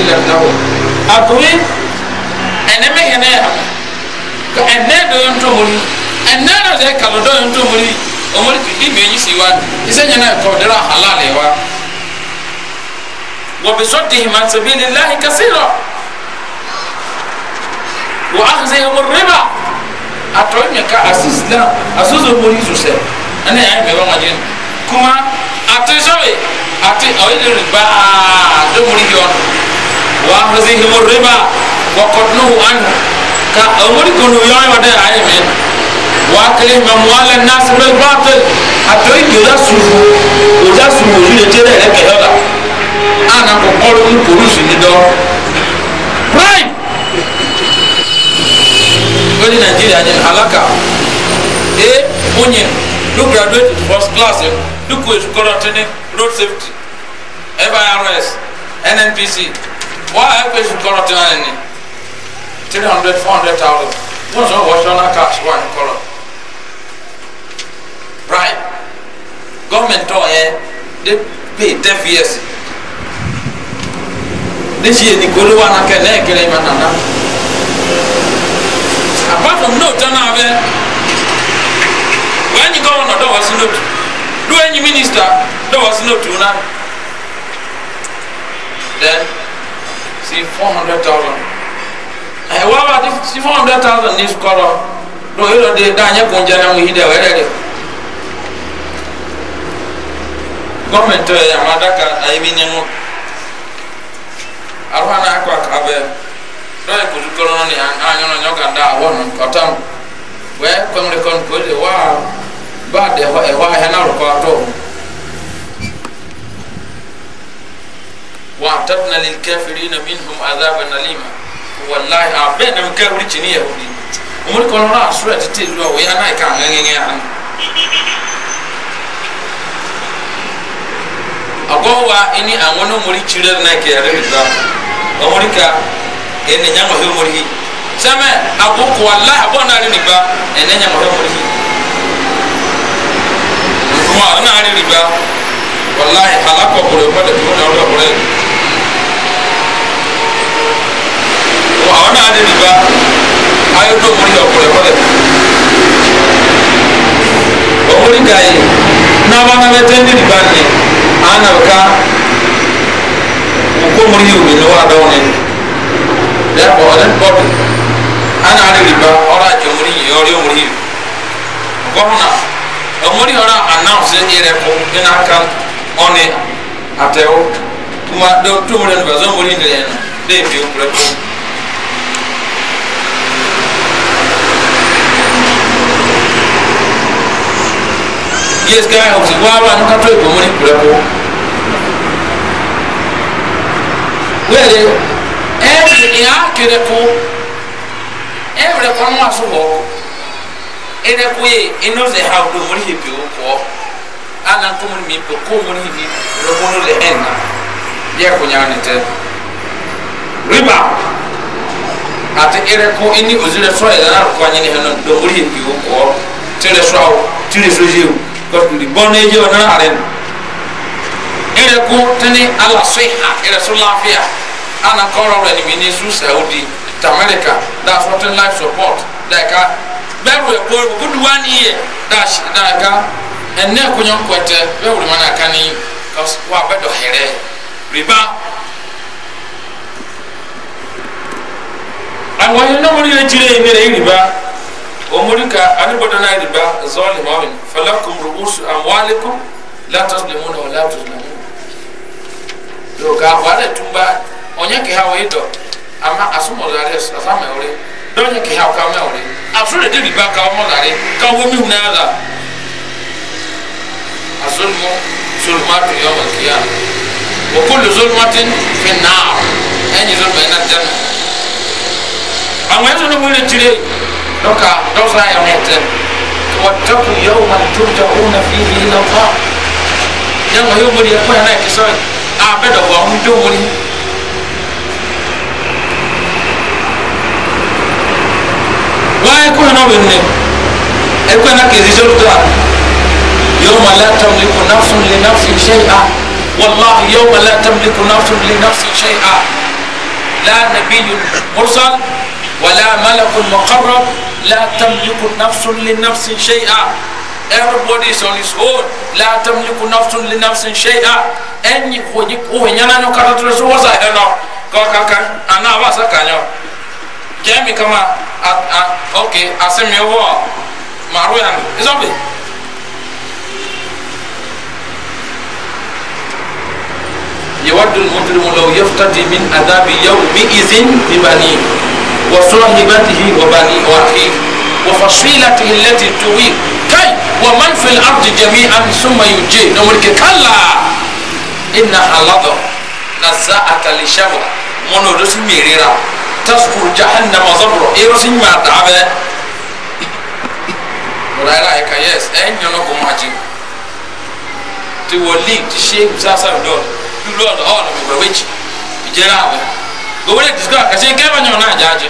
ilam na wo akuri ɛnɛ mi hɛnɛ ya ka ɛnɛ do yɛn to mori ɛnɛ do yɛ kalu do yɛn to mori omori kiki mi yi si wa isɛ nyɛ na kɔdira halal wa wa bi sɔdihi man sabili lahi kasiro wa akhzihi mu riba atɔ nyɛ ka asis la asusu mori zusɛ ɛnɛ yɛ mɛ wɔn adi kuma ati sɔri ati ɔyɛ lori gbaa domori yɔnu wa akhzihim riba wa qatluhu an ka amuri kunu yoy wada ay men wa aklihim amwal an-nas bil batil atoy gida sufu oja sufu ni jere re ke yoda ana ko koru un kurusu ni do pride wani nigeria ni halaka e onye do graduate first class do ko esukoro tene road safety FIRS NNPC Why á pè sí kọ́rọ̀ tí náà ní three hundred four hundred thousand wọ́n sọ wọ́n sọ náà cash one color. right government tọ̀ yẹn eh? they pay ten years This year, the kolo wa na kɛ ne kele ma nana apart from n'o tɛ na bɛ wɛnyi gɔvɔnɔ dɔw was sinotu do any minister? minista was wa sinotu now. then sí four hundred thousand ẹ wọ́n bá ti sí four hundred thousand ní sukọ́rọ̀ ló yóò lọ de dáhùn kó ń jẹ́ náà yìí dẹ̀ wẹ́rẹ́ rẹ̀ gọ́ọ̀mẹ̀ntì ẹ̀ àwọn adaka ayébi nínú arúgbó náà kọ́ abẹ lọ́yẹ̀ kò tún kọ́rọ́ ní àyànnà nyọ́gà dá àwọn ọ̀tá wẹ́ẹ́ kọ́mìlẹ́kọ́ni kò tẹ̀ wá bá a dẹ̀ ẹ̀họ́ ẹ̀hẹ́ náà rọ̀ kọ́ àtọ̀ ọ̀hún. واعتدنا للكافرين منهم عذابا أليما والله أبدا من كافر جنيه يهودي ومن كل مرة سورة تتلوى ويا نايك عن غنغي عن أقوى إني أمونو مري تشيرر نايك يا رب أمريكا إني نعم هي مري سامع أقوى والله أبونا رب إني نعم هي مري kuma أنا riba wallahi والله kure kwa da tuna wala àwọn náà ní rìbá ayé tó mú ní ọkùnrin kọ́lẹ̀. ọkùnrin kà yìí nàbà nàbẹ tẹ́ ní rìbá ni ànàbìká òkú mú ní òbí lọ́wọ́ àdáwọ̀ ni dẹ́pọ̀ ọ̀dẹ́pọ̀tù àná àrí rìbá ọ̀rọ̀ àjọ mú ní yìí ọ̀rẹ́ mú ní yìí gọ́nà ọmọdé ọ̀rọ̀ anáwùsẹ̀ yẹrẹ kọ́ nínú aka ọ̀nì àtẹ̀wọ́ tó mú ní ẹnu bàzọ́ mú ní ìdílé yẹn náà dé ìbí òkúrẹ́ kọ́. yes ka ya hosi wa ba nka to ko mo ni kura ko wele e ni ya kere ko e wele ko nwa so ho ene ko ye eno ze ha do mo ni bi o ko ana ko mo ni bi ko mo ni bi ro mo le enna ya ko nya ni te riba ati ere ko ini ozire so e na ko anyi ni hanon do mo ni bi o ko tere so tere so jewu gɔtuli bɔnɛji wa nana are no ɛrɛ ko tɛni ala soiha ɛrɛ so lafiya ana kɔrɔ wɛrɛ ni mi ni su di tamarika da fɔtin life support da ka bɛɛ wɛ kɔrɔ ko duwa ni yɛ da da ka ɛnɛ kɔnyɔn kɔtɛ bɛɛ wuli mana ka ni wa bɛ dɔ hɛrɛ riba awɔ ye ne mo ni yɛ jire ye ne yɛ riba omurika anibodana riba zolima wani falakum ru'usu amwalikum la taslimuna wa la tuzlamun yo ga wale tumba onya ke hawo ido ama asumo zare asama ore donya ke hawo ka me ore asure de riba ka omo zare ka wo mi huna ala azulmu zulmatu yawm al-qiyam wa kullu zulmatin fi an-nar enyi zulma ina janna amma yanzu ne mu ne tire دوكا دوزا يونيت واتقوا يوما ترجعون فيه الى الله يوم يوم يكون هناك سؤال أعبد وهم دومني ويكون هناك يكون هناك ريزولتا يوم لا تملك نفس لنفس شيئا والله يوم لا تملك نفس لنفس شيئا لا نبي مرسل ولا ملك مقرب لا تملك نفس لنفس شيئا everybody is on his own la tamliku nafsun li nafsin shay'a enyi hoji ko nyana no kata to so wasa he no ko ka ka ana wasa ka nyo jami kama a, a, okay asemi wo maruyan izobe يود المجرم لو يفتدي من عذاب يومئذ ببنيه وصاحبته وبني وأخيه وفصيلته التي تؤويه كي ومن في الأرض جميعا ثم ينجيه نقول كلا إنها لظى نزاعة للشهوة منو رسم ميريرا تذكر جهنم زبرا إيه رسم ما تعبه wòláyà ẹ̀ka yẹs ẹ̀yìn ọ̀nà kò máa jìn tí wọ́n lé ti ṣe é gowore tiska kasi nke ba nyo na jaje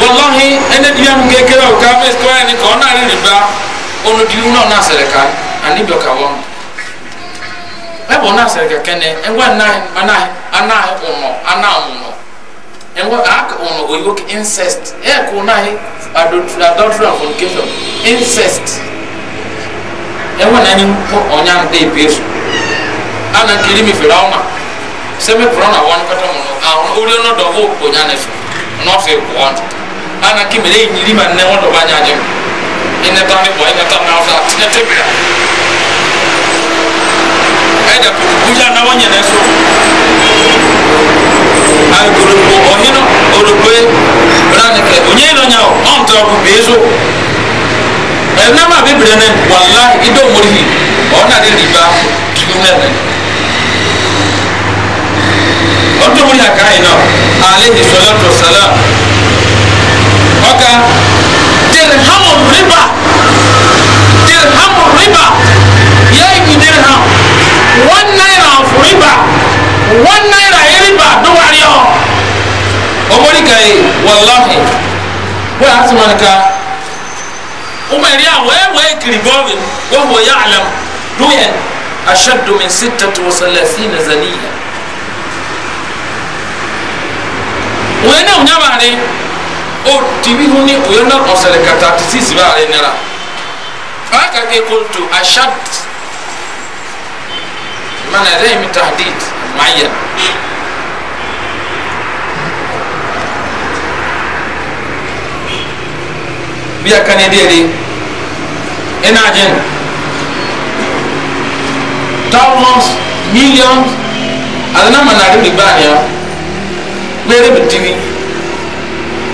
wallahi ene ya ka ọ na ri riba ono di uno na sere ka ka won e ọ na asịrị ka kene eh, na ana ana ana o incest e eh, ko na he eh, adultery adultery and fornication incest ana kiri mi fira ɔma sɛmi kura na wɔn kata mu no a wɔn ori ɔno dɔ ho onya ne fi ɔno fi wɔn ana kimi ne nyiri ma ne ho dɔ ba nyaagye mu ɛnɛ ta mi bɔ ɛnɛ ta mi afa tena te bia ɛda kukuya na wɔn nyɛ ne so agorobo ɔhino oroboe ranike onye yi n'onya o ɔntɔ ɔbu bie so ɛnam a bibire ne walahi ido mori hi ɔna de riba kiri ne ne ɔtumuli akayina alehi sɔlɔtɔ sala ɔka dirhamu riba dirhamu riba yɛyi dirham one naira of riba one naira yi riba duwari ɔ ɔmɔri ka ye walahi ko a sumana ka umari a wɛɛ wɛɛ kiribɔbi wɔn wɔ yaɛlɛm duyɛ ashadu min sittatu wa salasina zaniya. wọn náà wọn bá rẹ o tìbí hu ní oyè náà ọ̀sẹ̀lẹ̀ kàtà títí ìsìbá rẹ nira akake kuntu ashad mana rehmi tahdid muayyan biya kane dere ina jin thousands millions adana mana riba ne ya gbere mi diwi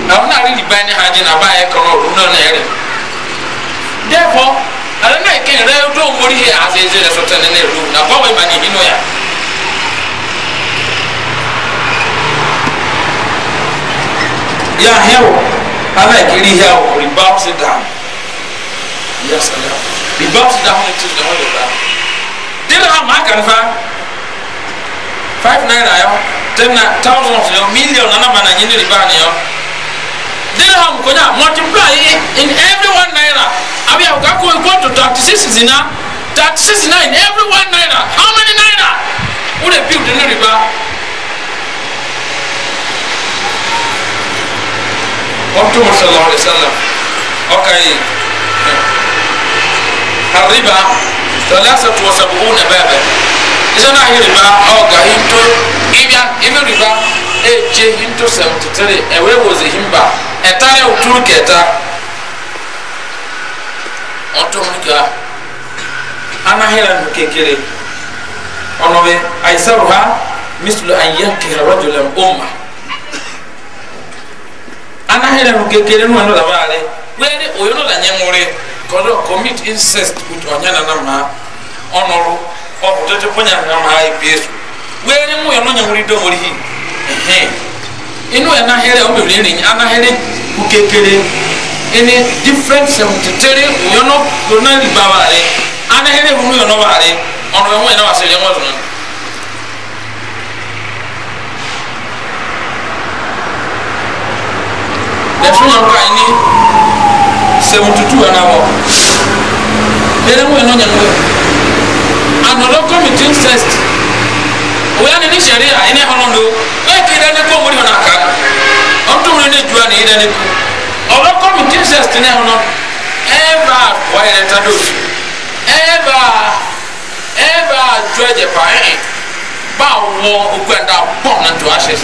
na wọn náà rí ìgbà ní hajj náà báyẹ kan náà òun náà nẹrẹ dẹfọ alẹ náà kẹ ẹrẹ ọdún omori yẹ àfẹsẹ rẹ sọtẹ nínú ẹrú na bọwọ ìmà ní ìbínú yà. yà hẹwọ aláìkiri hẹwọ rìbá ti dàn yà sàlẹ rìbá ti dàn ní ti dàn ọyọ dàn dídá àmà kàrífà five naira yɔ ten na thousand yɔ million nana ma na nyi ne de ba ni yɔ dirham konya multiply in every one naira abi a ka ko equal to thirty six zina thirty six zina in every one naira how many naira o de piw de ne de ba. وقت صلى الله عليه وسلم أوكي الربا ثلاثة وسبعون بابا iso na ahi riba ọga hinto ibia ime riba eje hinto 73 ewe woze himba ẹtare e oturu kẹta ọtọ nika anahira nu kekere ọnọbe aisaru ha mislu ayan kira rajulan umma anahira nu kekere nu anu labaare wẹẹrẹ oyún lọ la nyẹ ŋmúre kọdọ commit incest with nana ma ọnọrọ ɔkò tètè kò nyàmú nyàmú ha ebie so wéere mu yɛ no nyɛ wuli dɔm wòle hi ɛhɛn inú yɛ n'ahɛrɛ ɔmɛ wòle ni anahɛrɛ kú kékeré ɛni different sɛm tètèrè yɔnɔ ronaldi ba baare anahɛrɛ wòle yɔnɔ baare ɔnɔ yɛ ŋo yɛ n'awa sɛ yɛ ŋo yɛ ŋo. ɛtúnyɛ nkɔ anyi sɛmututu ɛnabɔ ɛnabɔ ɛnɔ nyɛ nkɔ. anọlọ kọmiti incest wòye ni ní sariya ẹni hàn lọ bẹẹ kí ẹdá ní kó wọlé wọn àká ọtún ní ju àná ẹdá ní kó ọlọ kọmiti incest ní hàn lọ ẹbà wáyé rẹ tá dòtú ẹbà ẹbà ju ẹjẹ pa ẹ bá wọ ogun ẹdá pọ̀ náà tó aṣẹ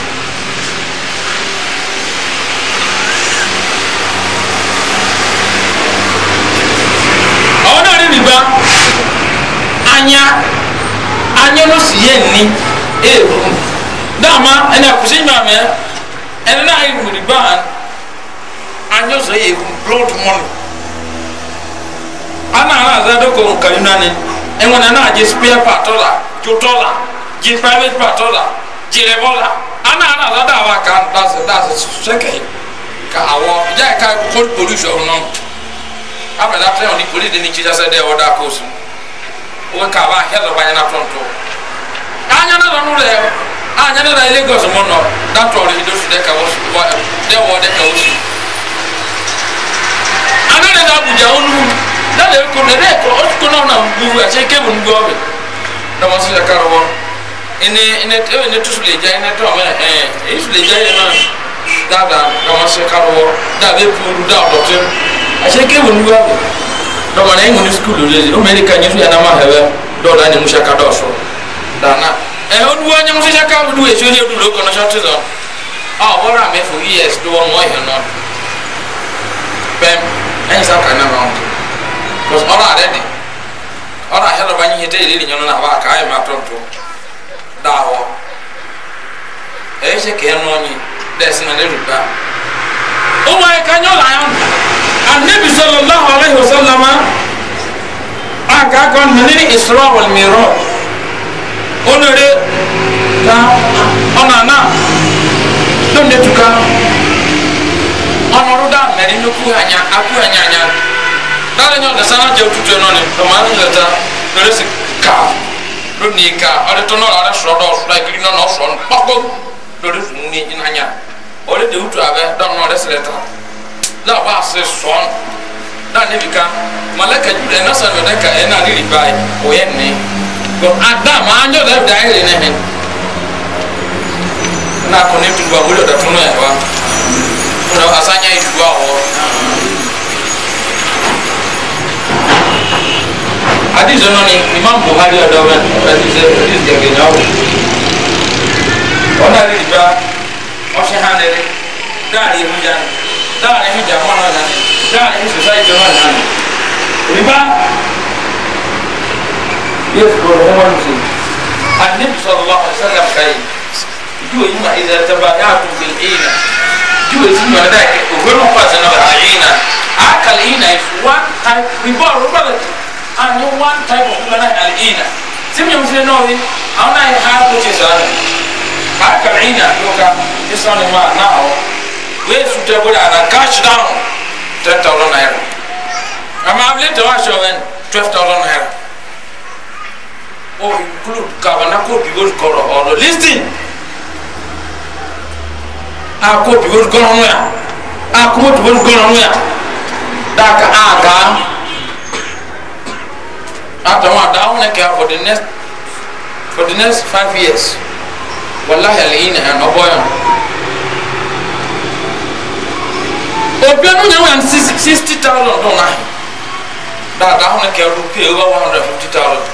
anya anya no si yɛ nni ewu eh, dama ɛna kusi nyamɛ ɛna na ayi wuli ban anya so yɛ ewu blood money ana ana azɛ do ko nka yunani ɛnwana na agye spare part ɔla jotɔla gye private part ɔla gye rɛbɔla ana ana azɛ do awa kan daasi daasi sɛkɛ ka awɔ yɛ ka cold pollution nɔ abɛlɛ atɛ wɔn polisi de ni kyesa sɛ dɛ ɔda koosu. o ka ba hɛlɛ ba ɲɛna tɔntɔ a ɲɛna dɔ n'u yɛ a ɲɛna dɔ ile gɔsi mɔ nɔ da tɔɔrɔ ido su dɛ ka wɔ dɛ wɔ dɛ ka ne yɛrɛ abuja o nu ne de ko ne de ko o ko n'aw na bu a cɛ ke mun gbɔ bɛ dama sila karo wɔ ne ne e ne tusu le ja ne tɔ mɛ ɛɛ e su le ja yɛ nɔ da da dama sila karo wɔ da bɛ puuru da dɔtɛ a cɛ ke mun gbɔ bɛ dɔba na eŋuni sukulu lezi o meli ka nyesu yana ma hɛbɛ dɔw la ni musaka dɔ so dana ɛ o duwa nye musaka o duwa esu yɛ dulo kɔnɔ sɔti zɔn ɔ wɔra mɛ fo yes do wɔn wɔn hɛn nɔ pɛm ɛyin sa kan na ma wɔn kɔs ɔra are de ɔra ahɛ dɔba nyi hete yeli nyɔnu na waa kaa yɛ ma tɔntɔ daa hɔ ɛyɛ sɛ kɛyɛ nɔnyi dɛ sinɛ ne ruba o ma yɛ ka nyɔ la yɛ ŋun anabi sallallahu alaihi wasallam aka kan hanini isra wal mi'raj onore ta onana donde tuka onoru da meri no anya aku anya anya dare nyo da sana je tutu no ne to ma nyo ta dore si ka do ni ka ore to no ara so do so like no no so no pako dore anya ore de utu abe don no resle la wa se sɔn na ne bi ka malaka jula ɛna sanu ne ka ɛna ne riba yi o yɛ ne bɔn adam an yɔ lɛ da yɛlɛ ne hɛ na kɔ ne bi wa wuli o da tunu yɛ wa o na asan yɛ ju wa wɔ. adi zɔn nɔni imam buhari yɛ dɔwɛ adi zɛ adi zɛ gɛnyawo ɔna riba ɔsɛ hã ne de daari yɛ mu jaani dáa ẹ̀mí jàmọ́ náà dání dáa ẹ̀mí sòsáìtì náà dání rìbá yóò fi kúrò wọn wọn ti anabi sọlọ ọsẹlẹm kayi juwe yi ma ìdá taba yáa kún bí ẹyìnà juwe ti nyọ dáa kẹ òhun náà pàṣẹ náà bàtà ẹyìnà àkàlẹ ẹyìnà is one type rìbá rìbá lẹ and one type of rìbá náà àlẹ ẹyìnà tí mi ò fi náà wí àwọn náà yẹ hard coaches ọ̀hún àkàlẹ ẹyìnà yóò ká ẹsọ ni wọn náà wọ wey suta bori ala cash down ten thousand naira ama abili tawa sɔwɛn twelve thousand naira o um, oh, include kabana ko bibol kɔrɔ ɔlɔ listing a ko bibol kɔrɔ nu ya a ko bibol kɔrɔ nu ya daka a gaa a tɔn a daa wuna kɛ for the next for the next five years walahi ali yi na hɛn ɔbɔ yan obi no nyɛ wɔn sixty thousand do na daadaa ho na kɛ ɔdo pay over one hundred fifty thousand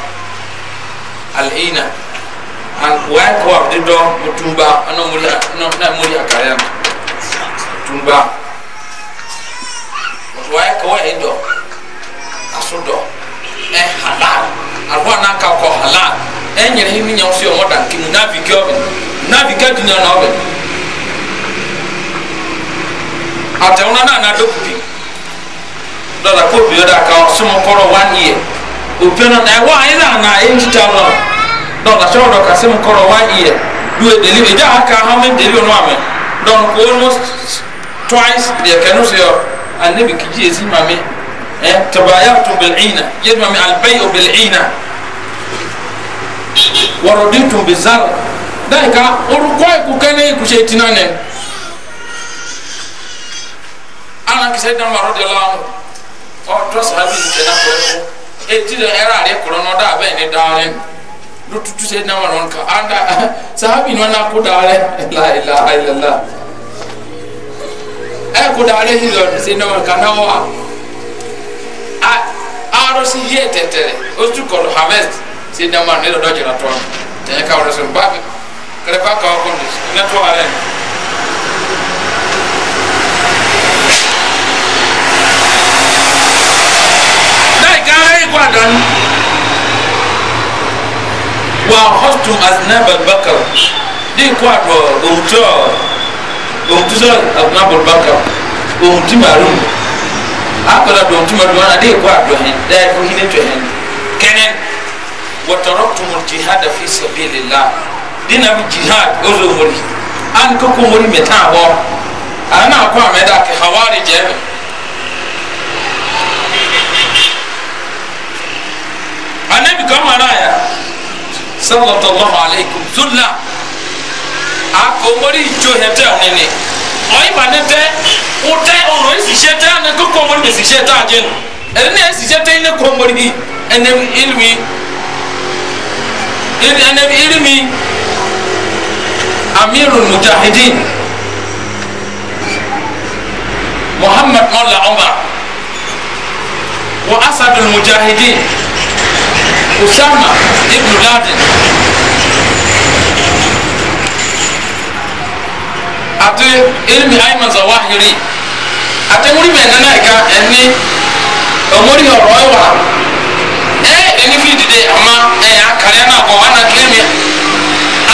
alina and wɔn kɔ a de dɔ mo tumba ɛna mo yɛ ɛna mo yɛ akara yɛ tumba wɔn kɔ wɔn yɛ dɔ aso dɔ ɛ halal ahoɔ na aka halal ɛ nyere hi mi nyɛ wɔn so yɛ wɔn danke mu na bi kɛ ɔbɛ na bi kɛ dunya na atɛwona na na dokupi dɔla ko bi da ka sɔmɔ kɔrɔ one year opiona na ɛwɔ ayi na na ɛntita no dɔla sɔrɔ dɔ ka sɔmɔ kɔrɔ one year do a delivery ɛdi aka how many delivery no amɛ dɔn ko almost twice deɛ kɛnɛ so yɛ anabi kiji esi maame ɛ tabayatu bil'ina yɛ maame albayi bil'ina wɔrɔdi tun bi zar dai ka orukɔ ekuka ne ekusɛ tina nɛ ana kisɛ dan ma rɔdi la ɔ tɔ sa bi tɛ na kɔrɔ ko e ti dɛ ɛrɛ ale kɔrɔ nɔ da a bɛ ne da rɛ do tutu sɛ dan ma rɔn ka an da sahabi nɔ na ko da rɛ la ila ila la ɛ ko da rɛ hizɔ sɛ dan ma ka na wa a aro si ye tɛtɛ o tu kɔrɔ harvest sɛ dan ma ne dɔ dɔ jɛra tɔn tɛ ka wɛrɛ sɔrɔ ba kɛrɛ ba kawa kɔmi ne tɔ a kwa dan wa hostu aznab albakar di kwa do umto umto so aznab albakar umti marum akala do umti marum na di kwa do hen da ko hine to hen kenen wa taraktum aljihad fi sabilillah dina bi jihad ozo mori an ko ko mori meta ho ana kwa meda ke hawari anabi kama raya sallallahu alaikum sunna akomori ijo hete onene oyi ba ne te ute ono esi se te ane ko komori esi se te aje no ene ne esi se te ine komori bi ene ilmi ene ilmi amirul mujahidin muhammad mola omar wa asadul mujahidin أسامة ابن لادن ate ilmi aiman zawahiri ate muri mɛ nana ika ɛni ɔmori ɔrɔ yi wa ɛɛ e, ɛni fi dide ama ɛɛ e, akari na kɔ ana kilemi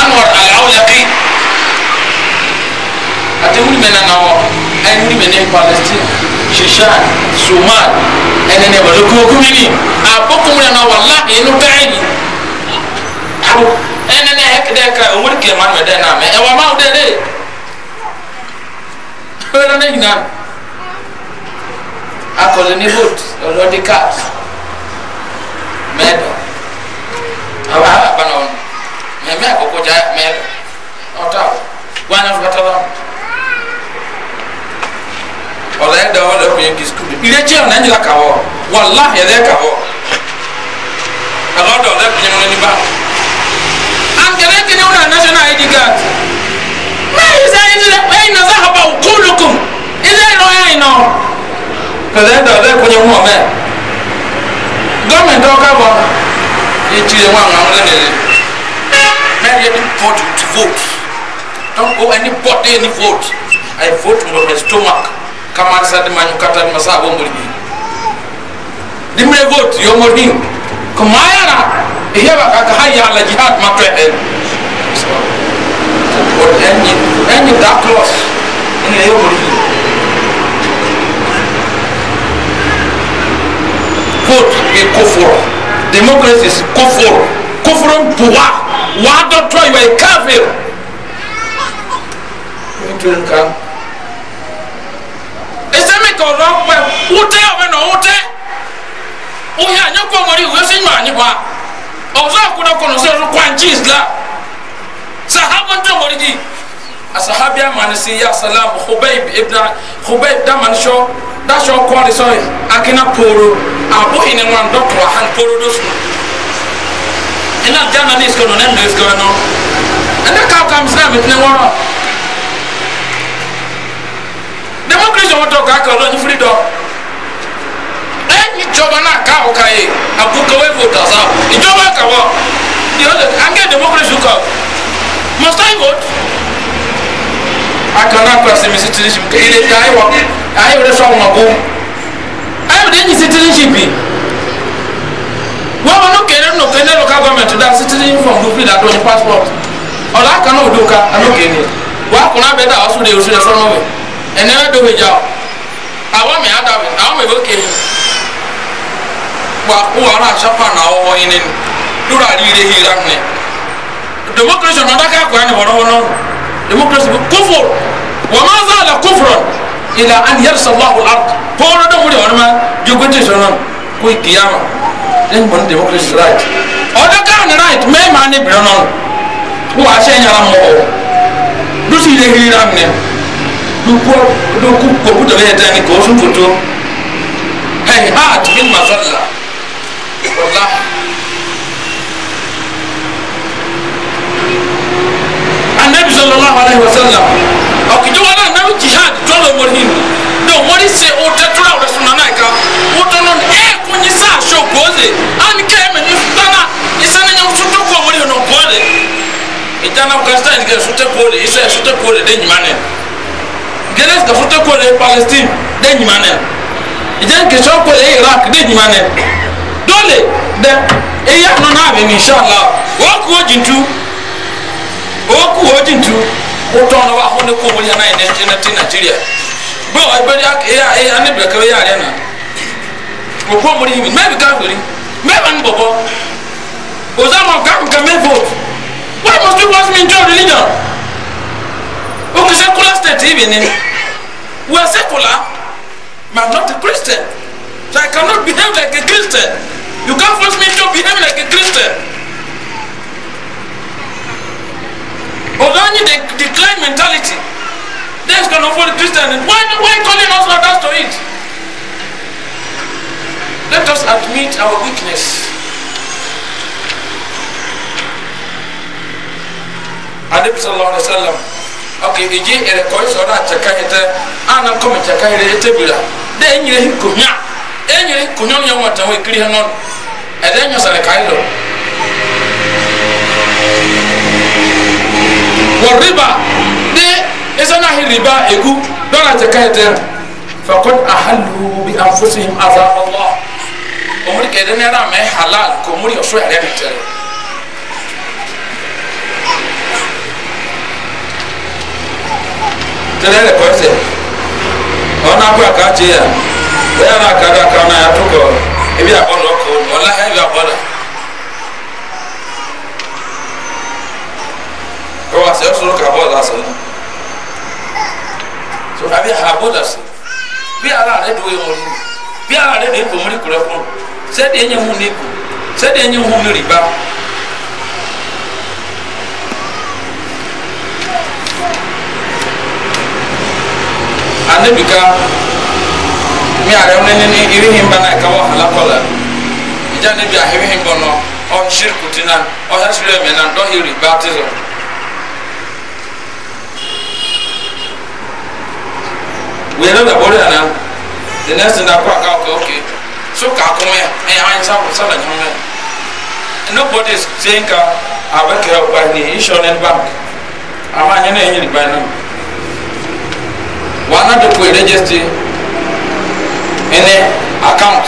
anwar alawulaki ate muri mɛ nana wɔ. ɛne mene palestine shishan sumal ɛne ne wale kokumi ni abokum na wallahi no daini ɛne ne hɛk dɛ ka ɔmɔde kɛ ma no dɛ na mɛ ɛwɔ ma wo dɛ dɛ ɛwɔ ne nyinaa akɔlɛ ne vote ɔlɔdi card mɛdɔ awa ha ba na ɔno mɛ mɛ akɔkɔ gya mɛdɔ ɔtɔ awo wɔn anafɔ ko ye kis kuli ile che na njira ka ho wallahi ele ka ho agodo le pinyo ni ba an gele ke ni una national id card ma isa ile ai na zahaba ukulukum ile ro ya ino kale da le kunyo mu me government do ka bo ye chire wa nga ngene ne let any vote to vote don't go anybody any vote i vote with my stomach kamar sa de manyu katal ma sa bo mo ni dimre got yo mo ni ko mayara e ba ka hayya ala jihad ma to en ko enni enni da klos ina yo mo ni vote e kofur democracy is kofur kofurun tuwa wa do to yo e kafir Thank you ɛsɛmi ka ɔlɔ wɛ wotɛ ɔbɛ na ɔwotɛ wohɛ anyɛ kɔ mɔri wo esi nyɔ anyi hɔ a ɔsɔ akɔdɔ kɔnɔ sɛ ɔsɔ kwankye islam sahaba ntɛ mɔri di asahabi amani si ya salam hubei ibna hubei damani sɔ dasɔ kɔɔri sɔri akina pooro abo hini ŋwan dɔtɔ ahan pooro do sunu ina jana ni isikɔnɔ ne nu isikɔnɔ ɛnɛ kaw kam silamɛ tini wɔrɔ democracy wọn tọ kaa kan lọ ní firi dọ ẹni jọba náà ká o ka ye abukawe fò dasa ìjọba ka yọlẹ angẹ democracy kọ must i vote akana akpa sẹmi citizenship kẹyìlẹ ká ayé wọ ayé wọlé sọ wọn kó ayé wọlé ẹni citizenship yi wọn wọn kéré nù kéré local government da citizenship from dublin àti oní passport ọ̀la akana òdo ká anú kéré wàá kùnà bẹ́ẹ̀ dà wàá sùn lè oṣù lè sọ́nà wẹ̀ ɛnɛrɛ do bɛdza o awɔ mi ada mi awɔ mi bɛ kɛyi wa wo ala sapa na awɔ wɔyi nini lórí ali ilé hira nini democracy ɔnà adaka akɔ ɛni wɔrɔ wɔn nɔrɔ democracy bi kófò wɔn máa zá ala kófòrɔ ilà an yɛrɛ sɔgbɔhu ar pɔwɔlɔ dɔ wuli wɔn ma jogo sɔn nɔn ko kiyama ɛni wɔn democracy right ɔdaka ni right mɛɛ maa ni bilɔn nɔrɔ wo a sɛ nyara mɔgɔ dusu ilé hira nini dukuwa doku ko ku da ta ni ko sun fito hay ha min masalla wallah annabi sallallahu alaihi wasallam o ki jowa na nabi jihad to lo morhin do mori se o ta tura o sunna na o to non e eh, ko ni sa sho goze an ke me ni tana isana nyam suto ko mori no gole itana ka sta ni ke suto ko le isa suto ko le de nyimane genes ka foto kole palestine de nyimane ijen ke so kole iraq de nyimane dole de eya no na be inshallah wo ku ojintu wo ku ojintu wo to no wa hone ko moli na ine na ti nigeria bo e ya ya ya ne be ka ya ya na wo ko moli mi me be ka fori me ban bobo ozama ka ka me vote why must you want me to religion o kisa kula state ibi ni We are secular, but I'm not a Christian. So I cannot behave like a Christian. You can't force me to behave like a Christian. Although you de- decline mentality, that's going to fall Christian. Why, why calling us not us to it? Let us admit our weakness. Adib sallallahu alayhi wa sallam ok eje ere kɔyi e sɔrɔ e a cɛ ka ana kɔmi cɛ ka ɲi e tɛ ete bila de e nyere konya e nyere konya ni ɲɔgɔn tɛn o ekiri hɛn nɔn ɛdɛ ɲɔsɛlɛ ka ɲi lɔ riba de ɛsɛ n'a ye riba egu dɔw a cɛ ka ɲi bi an fosi a Omuri ɔlɔ omori kɛ ɛdɛ ne yɛrɛ a mɛ halal ko omori yɛ so yɛrɛ tẹlẹ rẹ kọ ẹsẹ ọ̀nà akọ àkàtì yà bẹ́ẹ̀ náà kàdé àkàwọn náà yàtọ̀ kọ ebi àbọ̀dọ̀ kọ ọ̀la ẹ̀bi àbọ̀dọ̀ kọ wá sẹ́ ọ̀sọ̀rọ̀ kà bọ́ọ̀dọ̀ àṣẹ náà so àbí àbọ̀dọ̀ àṣẹ bí ara rẹ dùn yẹn wọlé bí ara rẹ dùn yẹn kò mú ní kúrẹ́kùn sẹ́ẹ̀dì ẹ̀yẹ mú ní kù sẹ́ẹ̀dì ẹ̀yẹ mú ní rìbá. anabi ka mi are wọn nini iri hin ba na ka wọ hala kọla ìjà níbi àhírí hin bọ nọ ọ n ṣe kùtì náà ọ yà sílẹ̀ mi náà dọ́hìn next thing na kó àká so kàkó mẹ́ ẹ̀yà wọn sábà sábà nyọ́ mẹ́ is saying ka abẹ́kẹ̀rẹ̀ na ni insurance bank àmọ́ wana de kwe register ene account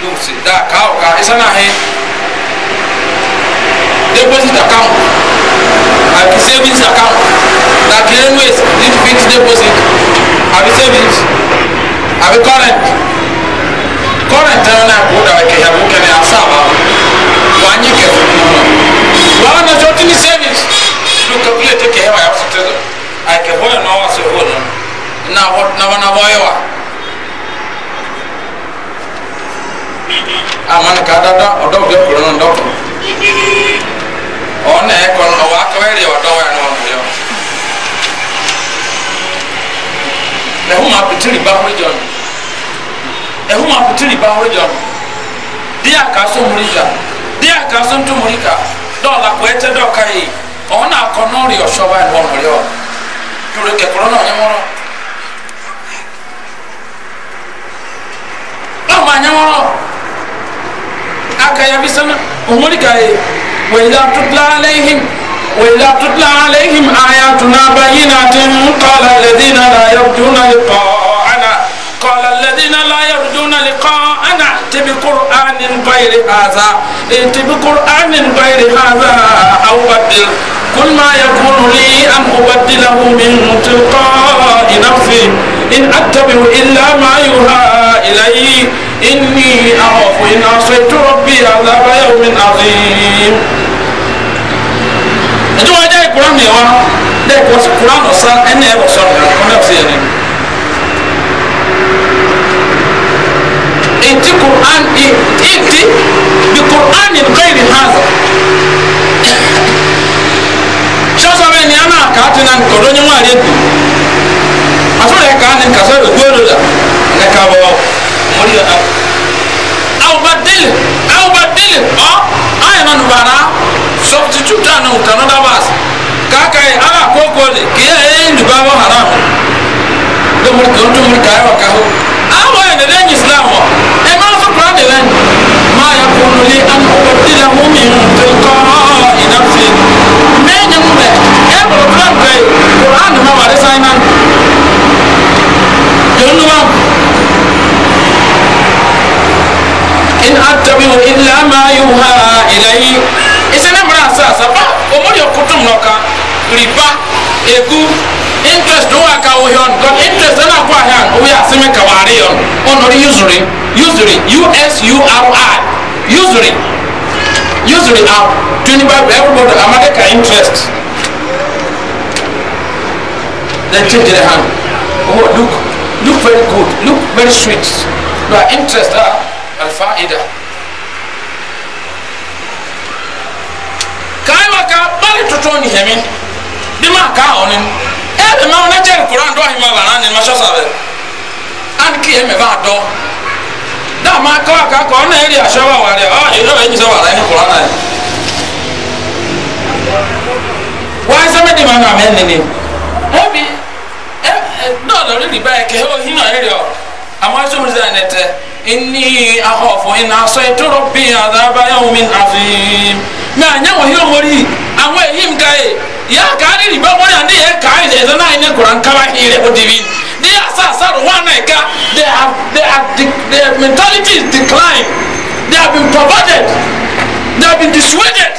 do si da ka o ka isa na he deposit account abi savings account That ke enu is if deposit abi savings abi current current na ko da ke ya ko ne asaba nabanaboyewa amani ka dada ɔdɔ bi ɔkuro no ndɔkɔ ɔna ɛkɔ no ɔwɔ akawɛri ɔdɔwɔ yɛ no ɔno yɛ na ɛho ma petiri ba hore jɔn ɛho ma petiri ba hore jɔn di aka so muri ka di aka so nto muri ka dɔɔla kɔ ɛkyɛ dɔɔ ka yi ɔna akɔ no ɔre ɔsɔba yɛ no ɔno yɛ ɔ ma nyamoro aka ya bisana umuri kai wa idha tutla alaihim wa idha tutla alaihim ayatuna bayinatin qala alladhina la yarjuna liqa'ana qala alladhina la yarjuna liqa'ana tibi qur'anin ghairi hadha tibi qur'anin ghairi hadha aw badil قل ما يكون لي أن أبدله من تلقاء نفسي إن أتبع إلا ما يهاب إلي إني أخاف إن عصيت ربي عذاب يوم عظيم ẹjọ́ wa jẹ́ ìkúrán mi wá dẹ́ kó kúrán ọ̀sán ẹni ẹ̀ bọ̀ sọ̀rọ̀ ọ̀nà ọ̀sẹ̀ yẹn ni. ètí kúrán ètí bí kúrán ní gbẹ̀rì hàzà. sọ́sọ́ bẹ́ẹ̀ ni a máa kà á ti náà kọ̀ọ̀dọ́ ní wọ́n àrẹ́ dùn asɔrɔ yɛ kaa ne kasa do do do da ne ka bɔ mori yɛ aw aw ba deli aw ba deli ɔ an yɛrɛ nu bana substitute ta ne ta nɔda baas k'a ka ye ala ko ko de k'i yɛ ee nu baa bɔ haram do mori do do mori kaa yɛ wa ka ho bɔ yɛ de nye silam wɔ ɛ ma sɔ kura de bɛ ma yɛ kunu li an ko ko deli a ko min tɛ kɔɔ ina fi mɛ nyɛ bɛ ɛ bolo kura bɛ ye kuran nana wa de sa in na. yurji'uha ilayhi isene mura asasa ba omuri okutum noka riba egu interest do aka wo yon got interest na kwa han o ya seme ka ware yon onori usury usury u s u r i usury everybody amade interest then change the hand oh look look very good look very sweet your interest ah al faida ayi tutu ni hɛmi di ma ka ɔni ɛbi e ma ɔna kyɛri kuran dɔ ahima ba naani ma sɔsɔ bɛ ani ki hɛmi ba dɔ daa ma kɔ aka kɔ ɔna eri ahyɛ wa wari ɔ ɛyɛ e bɛ nyisɛ wari ɛni kuran ayi wɔn ɛsɛ mi di ma na mɛ nini ɛbi e ɛ ɛ dɔɔdɔ riri ba yɛ kɛ ɔhin na riri ɔ ama sɔ mi sɛ ɛnɛ tɛ inni ahɔfo ina sɔ etu rɔ bi adaba yɛ omi afi na nya wɔ hero mori awon eyi nka ye ya kaa ne riba mori ande yɛ kaa ne yɛ na ne kora nkaba hiri o dibi de yɛ asa asa do wɔn na ka they have they have de their mentality is decline they have been perverted they have been dissuaded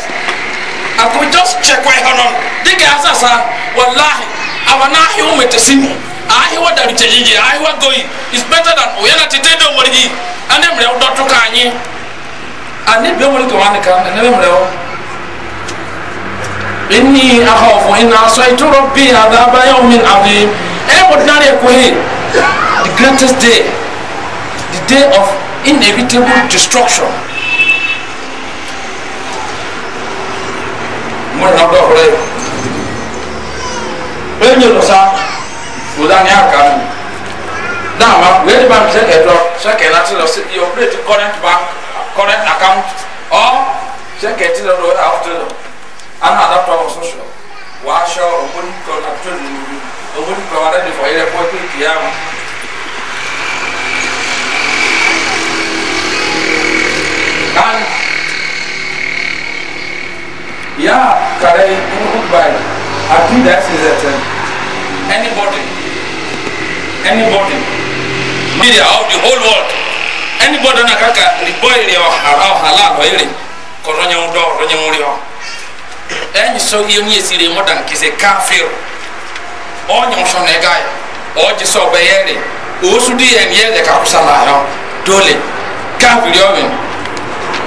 ako just check wa ɛhɔ nom de ka asa asa walahi awa na ahi wo mɛtɛsi mu ahi wo dari kyɛ yiyi ahi wo goyi is better than o yɛ na tete do mori yi ɛne mmerɛ wo dɔ to ka anyi ane bi wɔn mori ka wɔn ani ka ɛne mmerɛ wo inni akhafu in asaitu rabbi adhaba yawmin adhim everybody akohe the greatest day the day of inevitable destruction mun na do hore enye no sa udan ya ka dama we ba mi se edo se ke na ti lo se your current bank current account or se ke ti lo after ana da tɔ social, sɔ waa sɔ o mo ni tɔ na tɔ nuru o mo ni tɔ wɛrɛ de fɔ yɛrɛ kɔ k'e tiya mu. kan ya kare nkuru bai a ti da ɛsɛ anybody anybody media of the whole world anybody na kaka ribo iri ɔ halal ɔ iri kɔrɔ nyɛ ŋu dɔ kɔrɔ ɛnyi sɔ yɛ mu yɛ de mo dan kisɛ kafir ɔnyɛ sɔ na ɛga yɛ ɔgye sɔ ɔbɛ yɛ de osu di yɛ yɛ de ka kusa na dole kafir yɛ ɔmɛ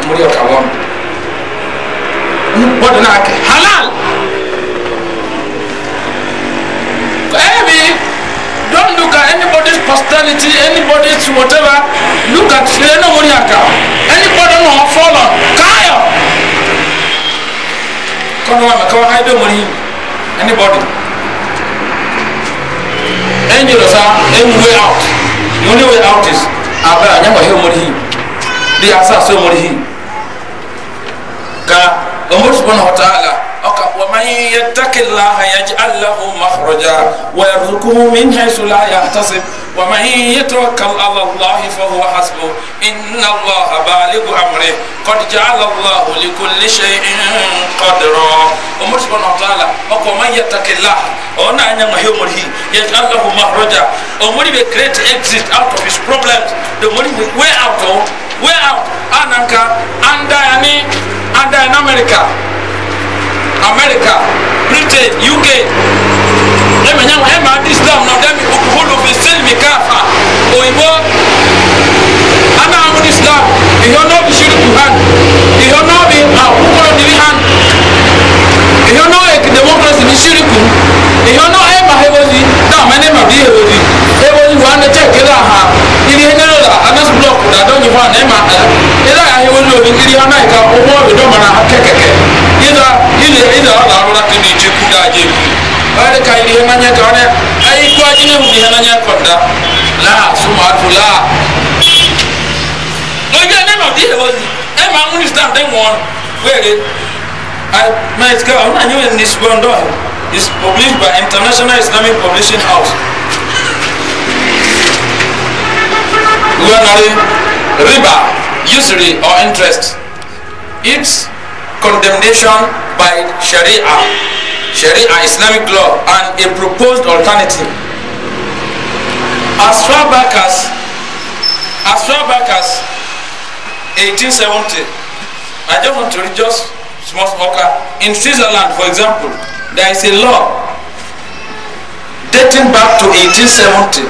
mo yɛ ka wɔn mo de kɛ halal ɛbi eh, don look at anybody's personality anybody's whatever look at ɛnɛ mo yɛ ka anybody no follow kaayɔ kɔnɔ wa ma kawa ayi bɛ mɔni ɛni bɔdi ɛnjɛlɛ sa ɛmu way out the only way out is abɛ a nyama hɛ mɔni hi de asa so mɔni hi ka ɔmɔ sɔgbɔn na ɔtaa la ọkà wọ́n máa ń yẹ takilá àyájú aláhu makhraja wọ́n yẹ rúkú min hẹ́sù láyà tọ́sí wọ́n máa ń yẹ tó kàl aláhu fọwọ́ wọ́n hasbọ̀ iná lọ abaligu amúre kọ́díjà aláhu likú léṣe kọ́dọ̀rọ̀ ọmọdébọ̀ náà tó àlà ọkà wọ́n máa ń yẹ takilá ọ̀hún náà yẹn wọ́n mọ̀ yìí yẹ aláhu makhraja ọmọdébẹ̀ create exit out of his problems the money way out o way out ananka andayani andayan america america britain uk ẹmẹ e nyẹ ẹ máa di islam náà dẹmi okuholo e fi sẹlmi káfa òyìnbó ana àwọn islam ìhọ náà fi ṣírí kuhan ìhọ náà fi àkókò níbi han ìhọ náà èkì democracy ní ṣírí kù ìhọ náà ẹ e máa hebozi dáa mẹni máa bí hebozi hebozi wà ní jẹ kéde àhà ìdí hẹnẹrẹ la anas block dàdọ́ nyìfọ́ àná ẹ máa ẹ ẹ láyà hebozi òbí kiri hàn náà ìka owó ọ̀bẹ ma nya ka ne ai ko ajine mu na nya ko da la suma tu la no ga ne no di ho e ma mu islam den won wele ai ma is ka on anyo ni sbon do is published by international islamic publishing house Guanari riba usury or interest its condemnation by sharia Sharia Islamic law and a proposed alternative. As far back as as far back as 1870, I just want to read just small smoker. In Switzerland, for example, there is a law dating back to 1870.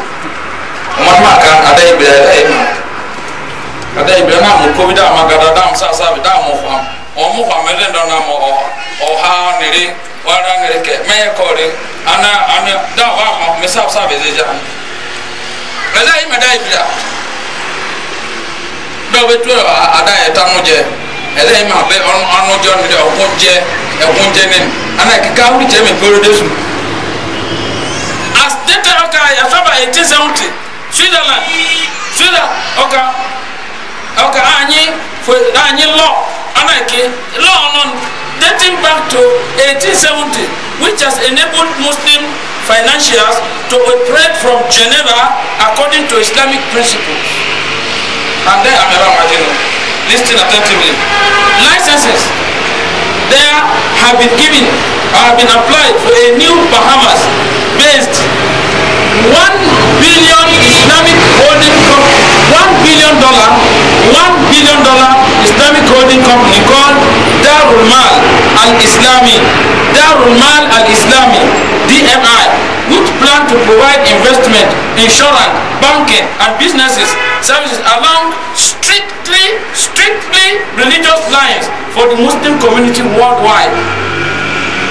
Ọmọdémàkà adé ibìrẹ̀ adé ibìrẹ̀ adé ibìrẹ̀ náà mú kóbi dáhùn magada dáhùn sáàsáàbì dáhùn ọ̀hún ọ̀hún ọ̀hún ẹ̀dẹ̀ ńdọ́nà ọ̀há nìrí. wara ngere ke me kore ana ana da wa ma me sab sab ze jan bala i madai bila do be to ada e tanu je ele i ma be on on jo ni o ko je e ko je ni ana ke ka uri je me poro de su as tete oka ya saba e tese unti switzerland switzer oka anyi fo anyi lo ana ke lo non dating back to 1870, which has enabled Muslim financiers to operate from Geneva according to Islamic principles. And then I'm around Adeno. Listen attentively. Licenses there have been given, have been applied for a new Bahamas based 1 billion Islamic holding company billion dollar one billion dollar islamic holding company called darul mal al-islami darul mal al-islami dmi which plan to provide investment insurance banking and businesses services along strictly strictly religious lines for the muslim community worldwide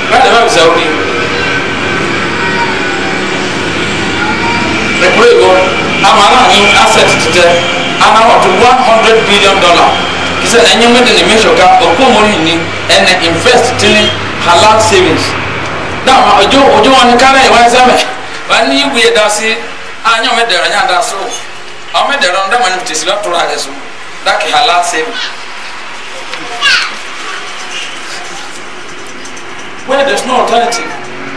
where the bible saudi ẹ̀kúrẹ́ ìgbọ́ àmàlà ní asset títẹ́ ana wato one hundred billion dollar kisa ɛnyɛ mo de ne mi sɔka ɔkpɔ mo ri ni ɛna invest tili halal savings dama uh, ojo ojo wani kare wani sɛmɛ wani yi buye daasi a nyɛ ɔmɛ dɛrɛ nyɛ adaasi o ɔmɛ dɛrɛ ɔmɛ dama ni tesi la tora ɛso daki halal savings where there is no alternative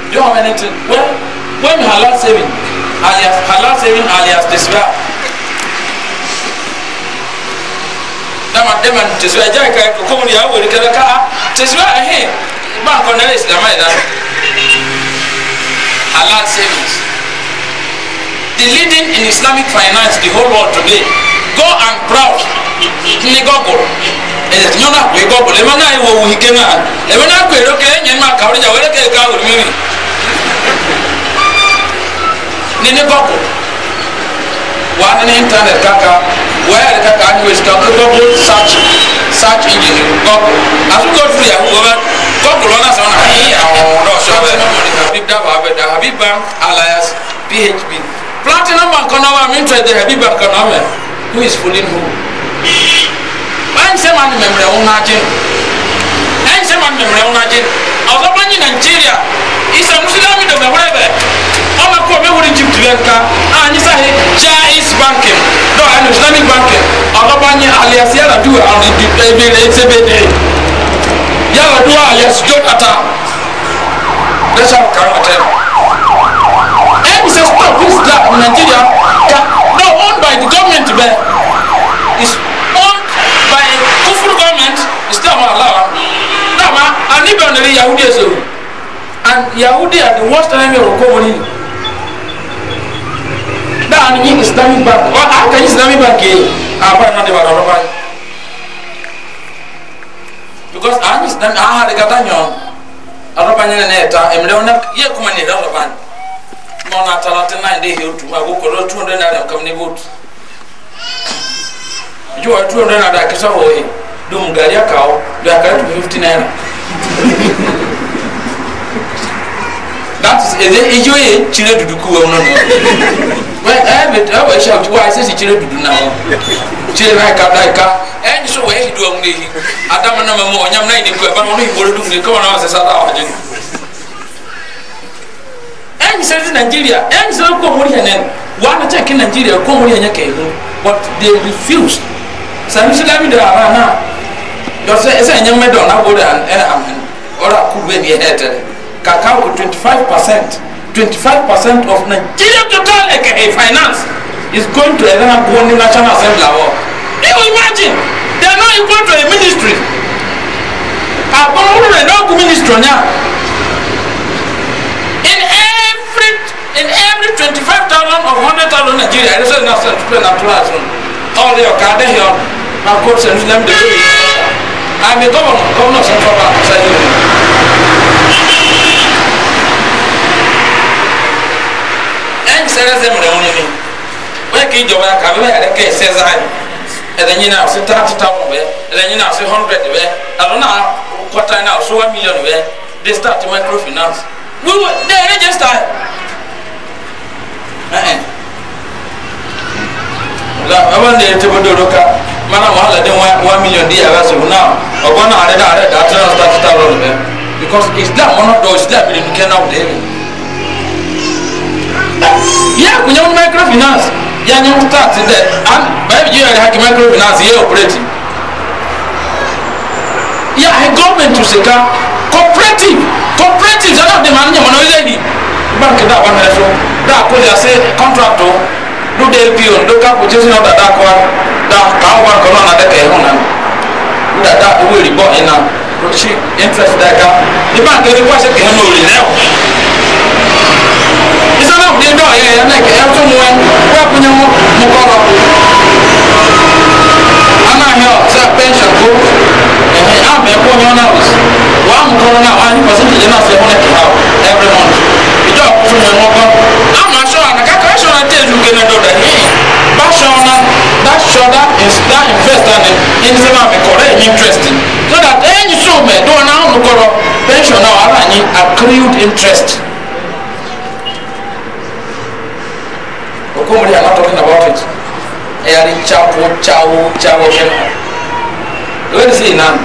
you don't have anything well when halal saving alias halal saving alias tesi dama dama tesu ɛgya ka kɔkɔm yɛ awɔri kɛlɛ ka a tesu ɛhe bankɔ na ɛyɛ sidama yɛ halal savings the leading in islamic finance the whole world today go and proud ni gɔgɔl ɛyɛ eh, ti nyɔnu akpɛ gɔgɔl ɛmɛ naa yɛ wɔ wuhi gɛnɛ ɛmɛ naa kpɛ ɛrɛ kɛ ɛnyɛ ma kawuri dza wɛrɛ kɛ ɛka awɔri mɛmi ni ni gɔgɔl wa ni ni internet kaka. Where wɛɛre ka kaa nyɛ sika ko bɔ bɔ saakye saakye nyɛ gɔgɔ asukɔ turu yahu gɔbɛ gɔgɔ lɔna sɔn na ayi awɔ dɔsɔ bɛ habib daba bɛ da habib bank alias phb platinum bank kɔnɔ wa min tɛ de habib bank kɔnɔ mɛ who is fooling who ɛn sɛ ma ni mɛmrɛ wo na gye ɛn sɛ ma ni mɛmrɛ wo na gye ɔsɔ ma nyi nigeria isa musulami dɔ mɛ wɛrɛ bɛ ɔmɛ kɔ mɛ ka anyi ah, sahi jais banking dɔw ɛnu islamic banking ɔlɔba nyi alias yala duwa ali di ebele esebede yala duwa alias jonata dɛsɛ awo kan ɔtɛ ɛni sɛ stop this drug in nigeria ka no owned by the government bɛ is owned by kufur government islam alawa dama ani bɛ nari yahudi esewu and yahudi are the worst enemy of the okomoni an yi islamic bank wa an ka yi islamic bank a ba na de ba dɔn ba ye because an yi islamic an hali ka taa ɲɔgɔn a dɔn ba ɲɛnɛ ne yɛ taa emile ne ye kuma ne yɛrɛ ba ye mɔ na taara te na de he tuma ko kɔlɔ tu de na da kam bo tu jo tu de na da kisa ho he dum gariya kawo da ka tu 50 naira that is e de e jo ye chire duduku wa no no ɛwɔ ɛhyɛ awuti waa ɛsɛ si kyerɛ dudu na hɔ kyerɛ na ɛka da ɛka ɛnyi so wɔ ɛyidu ɔmu n'eyi adamu na ma mu ɔnyam na yi n'eku ɛba ɔno yibɔ lodum ne kɔn na ɔsɛ sɛ ada ɔgye no ɛnyi sɛ ti nigeria ɛnyi sɛ kɔ ɔmu yɛ nɛn wɔn ati ɛkɛ nigeria kɔ ɔmu yɛ nyɛ kɛyɛ no but they refuse sani si dami de ara na dɔsɛ ɛsɛ ɛnyɛ mɛ dɔn na bo de ɛna amen ɔra kuru bɛ bi ɛyɛ tɛ kakao twenty five percent. 25 percent of Nigeria total aka finance is going to Elena Boni National Assembly Award. You imagine they are not equal to a ministry. Àpọ̀lọ́wọ́ rẹ̀ náà kú ministry ọ̀nyá. In every in every twenty five thousand of hundred thousand Nigeria ẹ̀rọ sọ̀rọ̀ náà sọ̀rọ̀ tupẹ̀ náà tura àtúnú. Ọ̀rẹ́ ọ̀ka adéhìí ọ̀nà. Màá kó sẹ́nu lẹ́mú dẹ́gbẹ́ yìí. Àmì gọ́vọ̀nà gọ́vọ̀nà sẹ́ńtọ́ bá sẹ́yìn. ɛn sɛrɛ zɛm rɛ wuni mi wɛn k'i jɔ wɛn kabi wɛn yɛrɛ kɛ sɛzaa yi ɛdɛ nyina a se taati ta wɔn bɛ ɛdɛ nyina a se hɔndrɛd bɛ alo kɔta na a se wa miliyɔn bɛ de start microfinance wiwo de yɛrɛ jɛ star ɛn la ɛwɔ ne yɛrɛ tɛ bɔ dodo ka mana wahala de wa miliyɔn di yɛrɛ sɛ wuna ɔgbɔn na are da are da a tɛ na taati ta wɔn bɛ because islam mɔnɔ dɔ islam yɛrɛ mi kɛ n'aw de yɛrɛ yẹ kunyẹ wọn microfinance yẹ nyẹ wọn tax dẹ an bẹẹbi yẹ yẹrẹ hakẹ microfinance yẹ operate yẹ ahẹ gọọmenti sika cooperative cooperative sọdọ de maa n yẹmọ n'oyẹ di banki daa wọn ẹsọ daa kó yà sẹ contract o do de po do ká kó jésù náà da daa kó wa daa kàwọn wọn kọ náà nàdẹ ẹhún náà da daa owó èrè bọ ẹ náà kò sí interest dẹ ká ní banki ẹni wọ́n ṣe kẹ́ ẹ náà na wuli dɔ yɛ ne kɛ ɛtu mu yɛ wa kunyɛ mu mu kɔrɔ ana yɛ sɛ pension ko ɛhɛ ama ɛkɔ nyɔ na wuli wa mu kɔrɔ na wa ni pasi ti yɛ na se wuli kira o every month ìjọ kutu mu ɛmɔ kɔ ama sɔ ana kaka sɔ na te zu gene dɔ dɛ hi ba sɔ na that sɔ that is that invest ani in sɛ ma mi kɔrɔ yɛ interest so that ɛyɛ nyi so mɛ dɔw na ɔnu kɔrɔ pension na wa ara nyi accrued interest. kumuri i'm not talking about it ɛyari chapo chawo chawo kɛnɛ wɛrɛ sɛ inan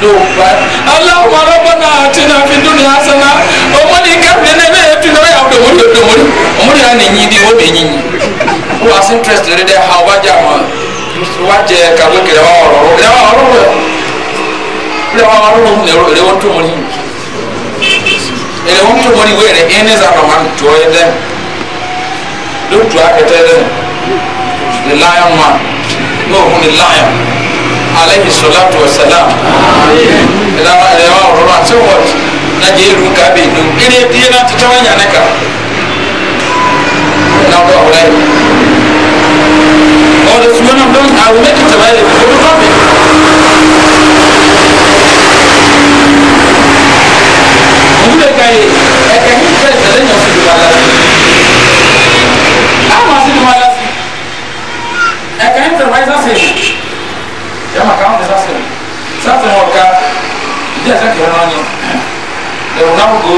do ba alahuma rabbana atina fi dunya hasana o mo ni ka fi ne ne fi ne ya do mo do do mo o mo ya ne di o be nyi nyi o as interest re de ha wa ja ma wa je ka we kere wa oro ro ya oro ro ya wa oro ro ne ro re won to mo ni ere won to mo ni we re ene za ka man to e dem lóòtù akẹtẹ dẹnu the lion man náà hún ni lion aleyhi salatu wa salam ìdáwà ìdáwà ọ̀rọ̀ àti wọ́n nàjẹ́ ìlú kábíyì ló kíni díẹ̀ náà ti tẹ́wọ́ yàn níkà náà bọ̀ ọ̀rẹ́ ọ̀rẹ́ fún mi náà I will make it available for the public. Òwúrẹ̀ ká yìí. sasiri yama kan de sasiri sasiri wɔ ka di ɛsɛ kɛrɛ n'anyi ɛwɔ n'awo go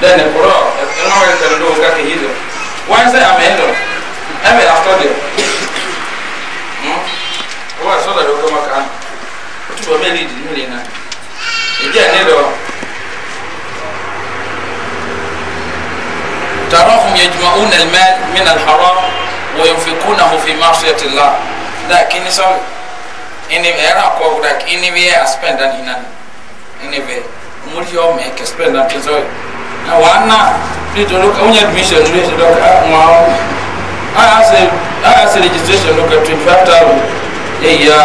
dɛ ne kɔrɔ ɛnɔ yɛ tɛrɛ do ka kehi do wɔyɛ sɛ amɛ do ɛmɛ atɔ de o wa sɔlɔ de o kama kan o tu bɔ mɛ li di mi li na ìdí ẹ̀ ní dɔ. تراهم يجمعون المال من الحرام وينفقونه في معصية الله لكن سام إني أرى كوك لك إني بيا أسبند أنا إني بيا muri yɔ me kɛ spɛn na kɛsɔ na wana ni to ka ŋun admission ni to dɔ ka ma awɔ a y'a se a se registration dɔ ka twenty five e ya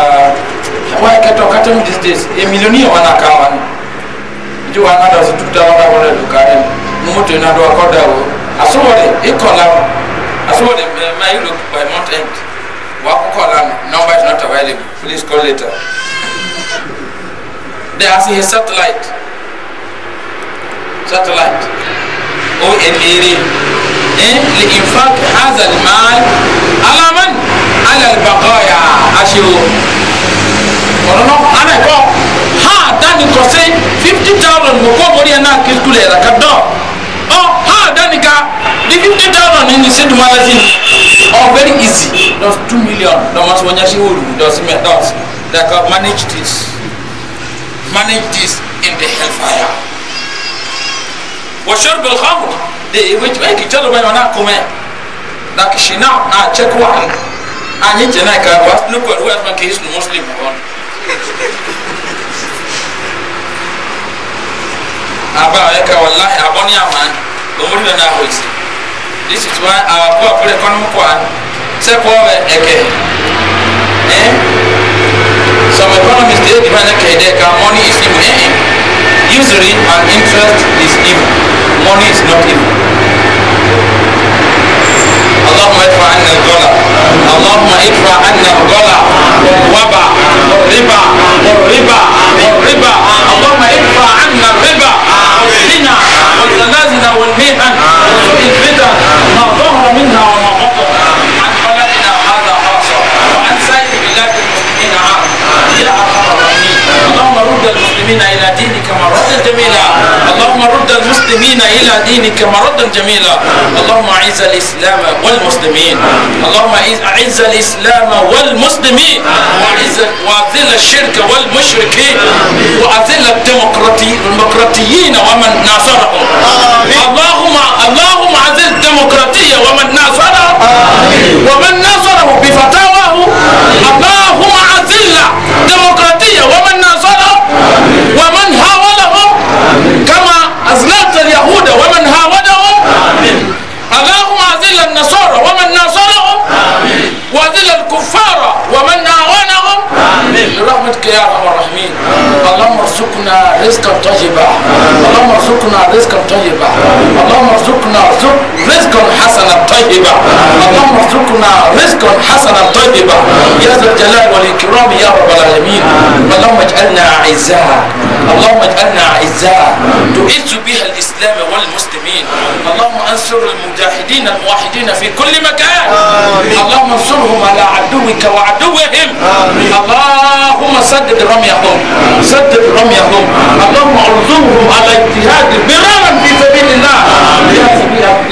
wa kɛ tɔ ka tɛmɛ these days e eh, millioni wana wa k'a wa ni ju wana da su two wana five hundred ka yɛ ni na do a kɔ da o a sɔgɔ de e kɔ la That's what they may look by month end. What call and number is not available. Please call later. they are seeing satellite. Satellite. ONA. إن لإنفاق هذا المال على من؟ على البقايا أشيو ورنو أنا يقول ها داني كوسي 50,000 مكوبوري أنا كيسكولي لك الدور ọ ha danika the fifty thousand in the state magazine ọ very easy Just two million dọ ma sọ wọn yasi wọlu dọ si mẹ dọ si can manage this manage this in the hellfire wọ́sọ̀rọ̀ bẹ̀rẹ̀ kọ́mù de ewé tí wọ́n kì í tẹ́lẹ̀ wọ́n yọ̀ náà kọ́mẹ́ daka ṣìnà náà check one ànyìn jẹ́ náà kà wá lóko ẹ̀rọ wẹ́ẹ̀fọ́n kì í sùn muslim wọn. aba ayɛ ka walahi abɔne aman omori bɛ naa hɔ this is why our poor poor economy poor sɛ poor bɛ ɛkɛ ɛn some economists dey define ɛkɛ dɛ ka money is evil ɛn usury and interest is evil money is not evil. اللهم ادفع عنا الغلا اللهم ادفع عنا الغلا والوبا riba riba. جميلا اللهم رد المسلمين إلى دينك مردا جميلا اللهم أعز الإسلام والمسلمين اللهم أعز الإسلام والمسلمين وأعز وأذل الشرك والمشركين وأذل الديمقراطيين ومن ناصرهم اللهم اللهم أذل الديمقراطية ومن ناصرهم ومن ناصره بفتاواه اللهم أذل الديمقراطيه يا ارحم الراحمين اللهم ارزقنا رزقا طيبا اللهم ارزقنا رزقا طيبا اللهم ارزقنا رزقا حسنا طيبا اللهم ارزقنا رزقا حسنا طيبا يا ذا الجلال والاكرام يا رب العالمين اللهم اجعلنا اعزاء اللهم اجعلنا اعزاء تعز بها الاسلام والمسلمين العالمين اللهم انصر المجاهدين الموحدين في كل مكان آمين. اللهم انصرهم على عدوك وعدوهم آمين. اللهم سدد رميهم سدد رميهم اللهم ارزقهم على اجتهاد برارا في سبيل الله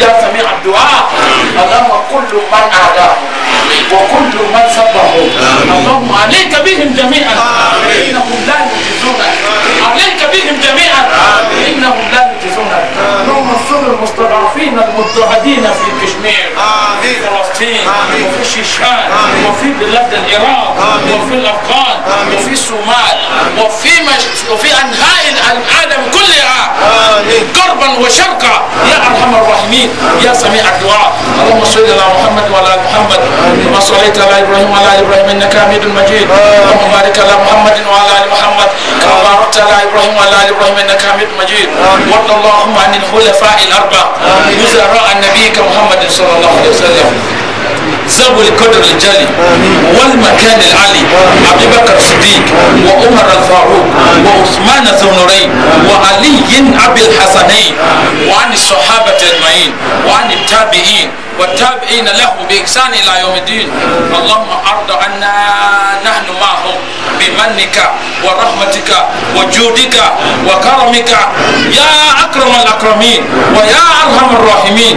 يا سميع الدعاء اللهم كل من اعداهم مضطهدين في كشمير آه. في فلسطين آمين. وفي الشيشان وفي بلاد العراق وفي الافغان وفي الصومال وفي مش... وفي انحاء العالم كلها غربا وشرقا يا ارحم الراحمين يا سميع الدعاء اللهم صل على محمد وعلى محمد كما صليت على ابراهيم وعلى ابراهيم انك حميد مجيد اللهم بارك على محمد وعلى ال محمد كما باركت على ابراهيم وعلى ال ابراهيم انك حميد مجيد وارض اللهم عن الخلفاء الاربعه وزراء نبيك محمد صلى الله عليه وسلم لهم الكدر القدر الجلي والمكان العلي أبي بكر الصديق وعمر الفاروق وعثمان ذو وعلي أبي الحسنين وعن الصحابة أجمعين وعن التابعين والتابعين له بإحسان إلى يوم الدين اللهم أرض عنا نحن معهم بمنك ورحمتك وجودك وكرمك يا أكرم الأكرمين ويا أرحم الراحمين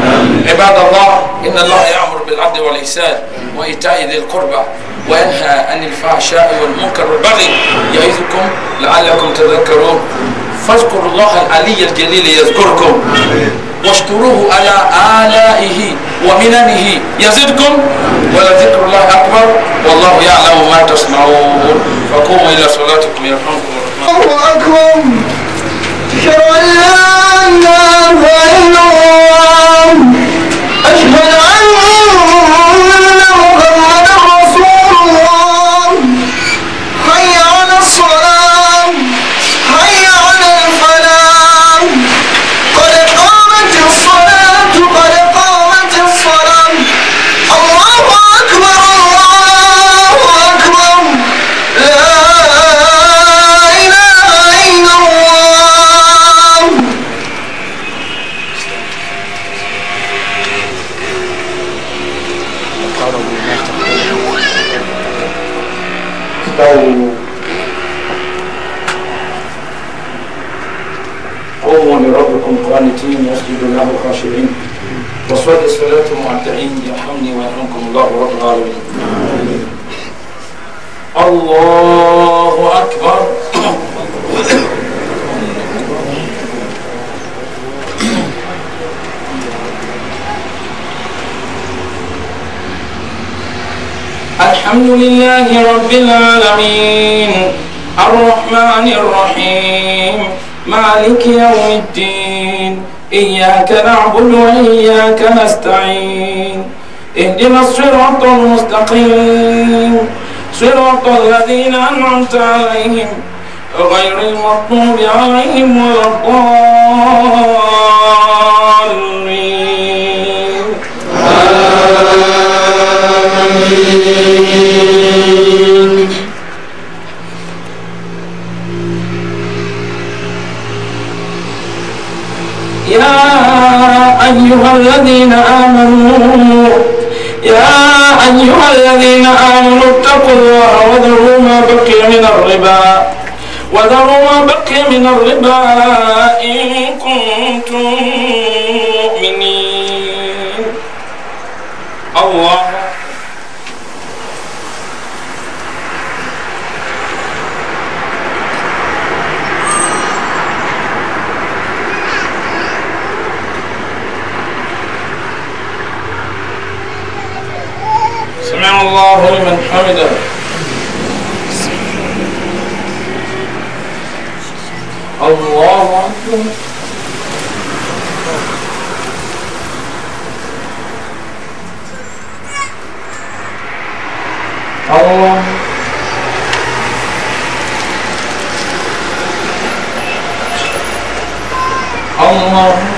عباد الله إن الله يأمر بالعدل والإحسان وإيتاء ذي القربى وينهى عن الفحشاء والمنكر والبغي يعظكم لعلكم تذكرون فاذكروا الله العلي الجليل يذكركم واشكروه على آلائه ومننه يزدكم ولذكر الله أكبر تصنعون فقوموا إلى صلاتكم يرحمكم الرحمن الله أكبر أشهد أن الحمد لله رب العالمين الرحمن الرحيم مالك يوم الدين إياك نعبد وإياك نستعين اهدنا الصراط المستقيم صراط الذين أنعمت عليهم غير المطلوب عليهم ولا الضالين أيها الذين آمنوا يا أيها الذين آمنوا اتقوا الله وذروا ما بقي من الربا وذروا ما بقي من الربا إن كنتم الله لمن حمده الله أكبر الله الله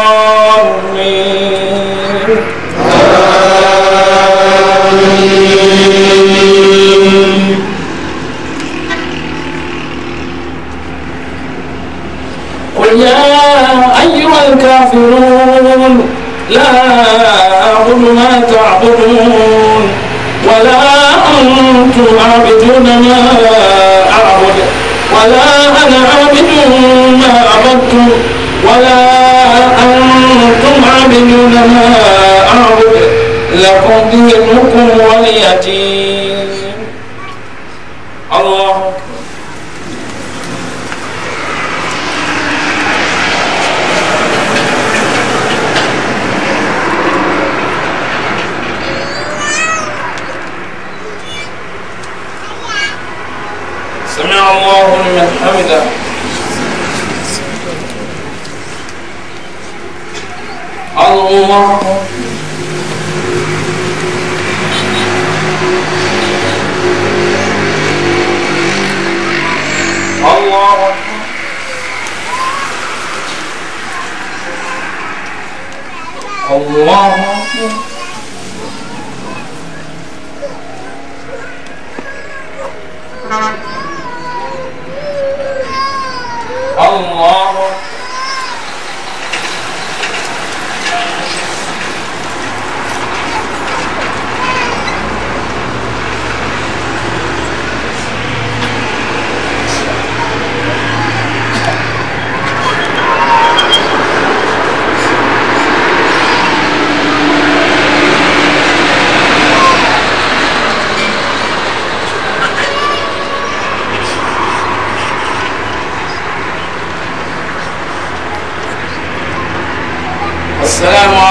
أيها الكافرون لا أعبد ما تعبدون ولا أنتم عابدون ما أعبد ولا أنا عابد ما عبدتم ولا أنتم عابدون ما أعبد لكم دينكم وليتين الله الله الله الله